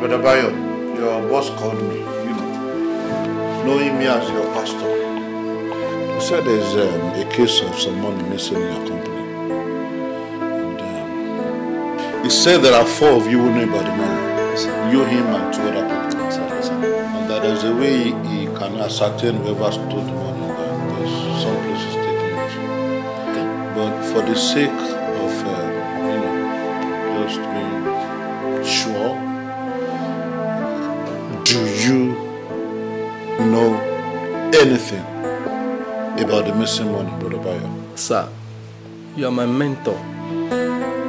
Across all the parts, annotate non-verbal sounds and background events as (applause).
Brother Bayo, your boss called me, you know, knowing me as your pastor. He said there's um, a case of some money missing in your company. And, um, he said there are four of you who know about the money. You, him, and two other people. And that there's a way he can ascertain whoever stole the money. Because some places taking it. But for the sake of, uh, you know, just being sure, do you know anything about the missing money, Brother Bayo? Sir, you are my mentor,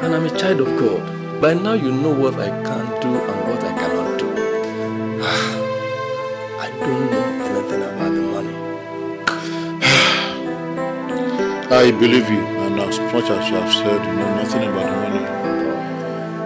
and I'm a child of God. By now, you know what I can do and what I cannot do. (sighs) I don't know anything about the money. (sighs) I believe you, and as much as you have said, you know nothing about the money.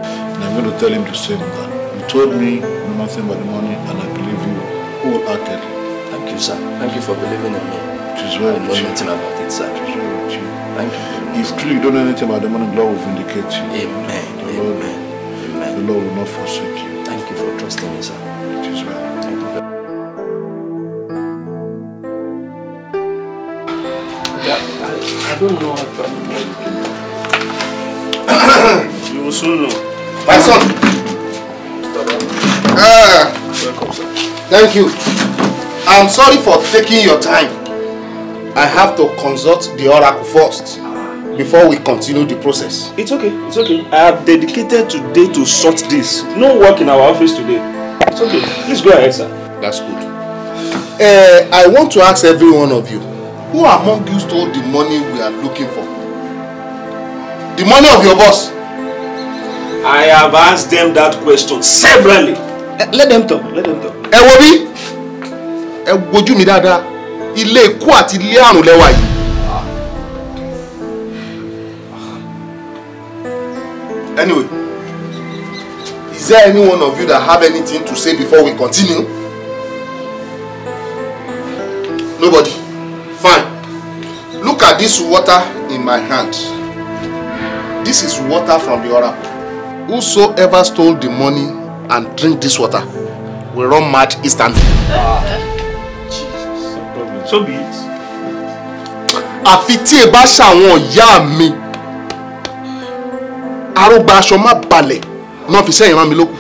And I'm going to tell him the same that you told me am nothing but the money and I believe you wholeheartedly. Thank you, sir. Thank you for believing in me. It is well I know you. nothing about it, sir. It is well with you. Thank you. If truly you don't know anything about the money, the Lord will vindicate you. Amen. The Amen. Lord, Amen. The Lord will not forsake you. Thank you for trusting me, sir. It is well. Yeah, I, I don't know what to do. (coughs) you will soon know. My son! Thank you. I'm sorry for taking your time. I have to consult the oracle first before we continue the process. It's okay, it's okay. I have dedicated today to sort this. No work in our office today. It's okay. Please go ahead, sir. That's good. Uh, I want to ask every one of you, who among you stole the money we are looking for? The money of your boss? I have asked them that question severally. let them talk let them talk. ẹ wo bí ẹ wojú mi dáadáa ilé ikú àti ilé àrùn lẹ́wà yìí. anyway is there any one of you that have anything to say before we continue nobody fine look at this water in my hand this is water from the oracle whosoever stole the money and drink this water We run mad instantly. Ah, Jesus. So be it. Àfi tí ẹ bá ṣàwọn ìyá mi, arógbá aṣọ má balẹ̀ náà fi sẹ́yìn rán mi lókù.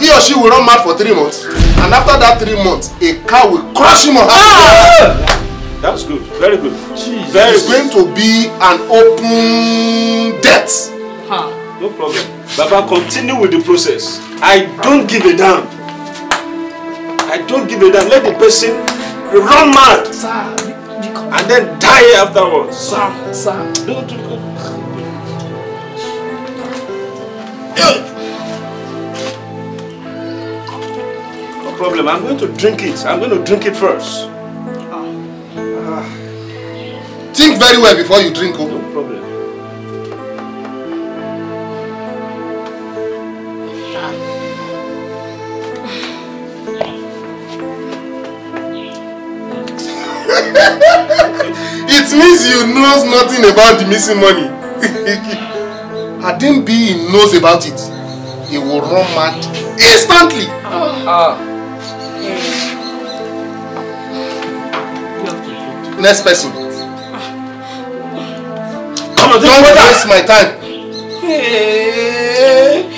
He or she will run mad for three months and after that three months, a cow will crush him or her. Ah! That's good. Very good. Jesus. Very good. going to be an open death. Huh. No problem. Baba, continue with the process. I don't give a damn. I don't give a damn. Let the person run mad. Sir, and then die afterwards. Sir, sir. Don't, do No problem. I'm going to drink it. I'm going to drink it first. Think very well before you drink. Oh. it means you knows nothing about the missing money. (laughs) Adimbi knows about it. He will run mad instantly. Uh, uh. Next person. Come on, don't waste my time. Eh.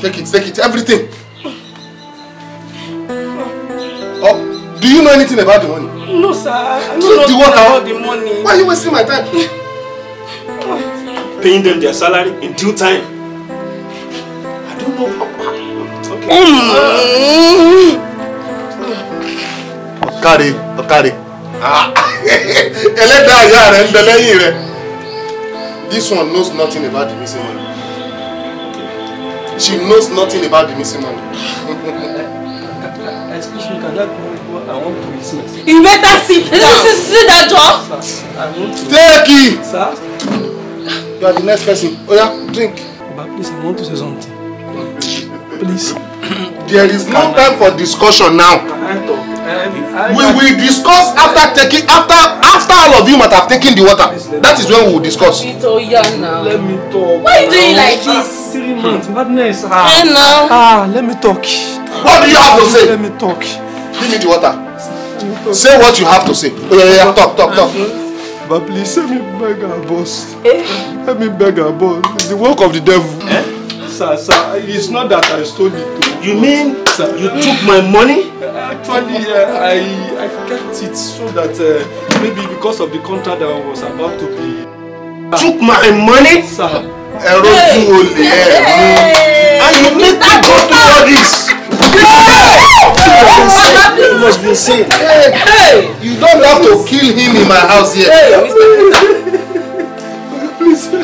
Take it, take it, everything. Do you know anything about the money? No, sir. I know the water. about the money. Why are you wasting my time? Paying them their salary in due time. I don't know how. Okay. Ọ̀kàrẹ̀ mm. ọ̀kàrẹ̀. Ah. (laughs) Ẹlẹ́dàá ìyá rẹ̀ ń bẹ lẹ́yìn This one knows nothing about the missing money. She knows nothing about the missing money. (laughs) excuse me, can that go? I want You better sit. This is sit that job. Sir, Take it. Sir. You are the next person. Oh yeah, drink. But please, I want to say something. Please. There is no time for discussion now. we will discuss after taking after after you might have taken the water. That is when we will discuss. Let me talk. Why are you doing like this? Three months, madness. Ah, ah, let me talk. What do you have to say? Let me talk. Give me the water. say what you have to say. Oh, yeah, yeah, talk, talk, talk. But please, let me beg our boss. Eh? Let me beg our boss. It's the work of the devil. Eh? Sir, sir, it's not that I stole it. You mean sir. You took my money? Actually, uh, I, I kept it so that uh, maybe because of the contract that I was about to be. Took my money? Sir. Ẹ̀rọ And you need me go to all this. You must be insane. Hey, hey. You don't have to kill him in my house here. Hey,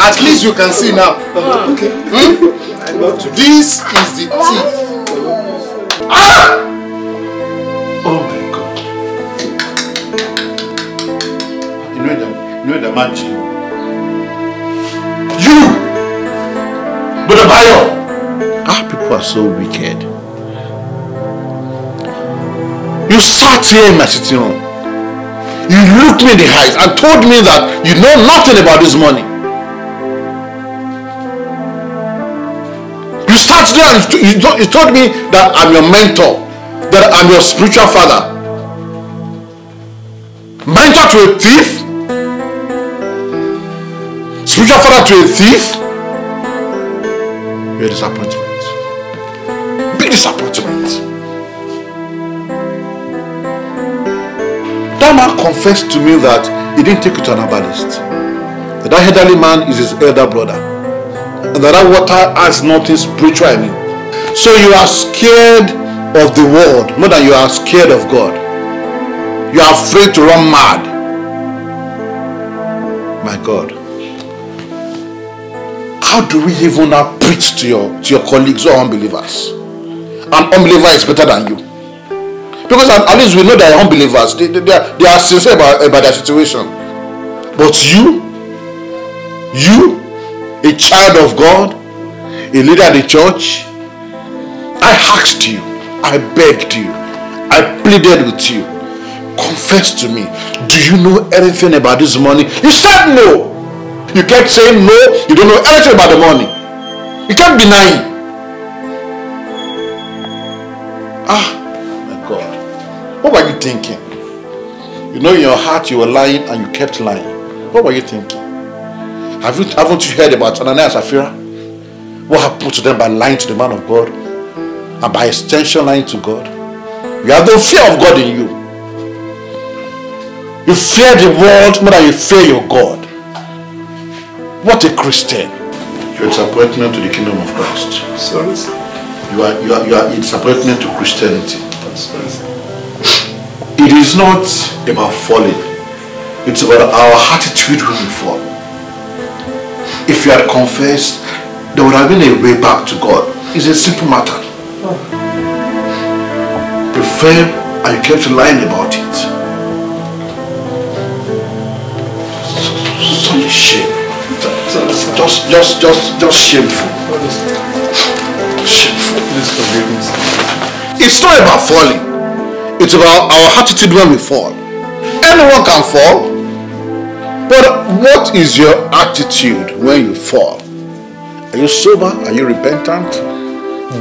At least you can see now. Okay. Hmm? This is the teeth. Ah! Oh my God. You know the, you know the man G. You! Brother Bayo! Our ah, people are so wicked. You sat here in my sitting room. You looked me in the eyes and told me that you know nothing about this money. Lastly, you, you told me that I'm your mentor, that I'm your spiritual father. Mentor to a thief? Spiritual father to a thief? Your disappointment. Big disappointment. That man confessed to me that he didn't take you to an herbalist. That that elderly man is his elder brother. That that water has nothing spiritual in you. So you are scared of the world more than you are scared of God. You are afraid to run mad. My God. How do we even now preach to your, to your colleagues or unbelievers? An unbeliever is better than you. Because at, at least we know they are unbelievers. They, they, they, are, they are sincere about, about their situation. But you, you a child of God, a leader of the church, I asked you, I begged you, I pleaded with you. Confess to me, do you know anything about this money? You said no. You kept saying no, you don't know anything about the money. You kept denying. Ah, my God. What were you thinking? You know, in your heart you were lying and you kept lying. What were you thinking? Have you, haven't you heard about Ananias and Sapphira? What happened to them by lying to the man of God and by extension lying to God? You have no fear of God in you. You fear the world more than you fear your God. What a Christian. You are disappointment to the kingdom of Christ. Sorry, sir. You are, you are, you are disappointment to Christianity. Sorry, sir. It is not about falling. It's about our attitude when we fall. If you had confessed, there would have been a way back to God. It's a simple matter. Oh. You and you kept lying about it. Such shame. Just, just, just, just shameful. Shameful. Please forgive me. It's not about falling. It's about our attitude when we fall. Anyone can fall. But what is your attitude when you fall? Are you sober? Are you repentant?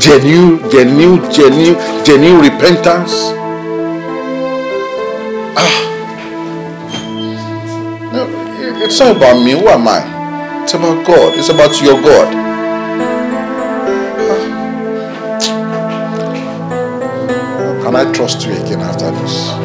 Genuine, genuine, genuine, genuine repentance? Ah. No, it's not about me. Who am I? It's about God. It's about your God. Ah. Can I trust you again after this?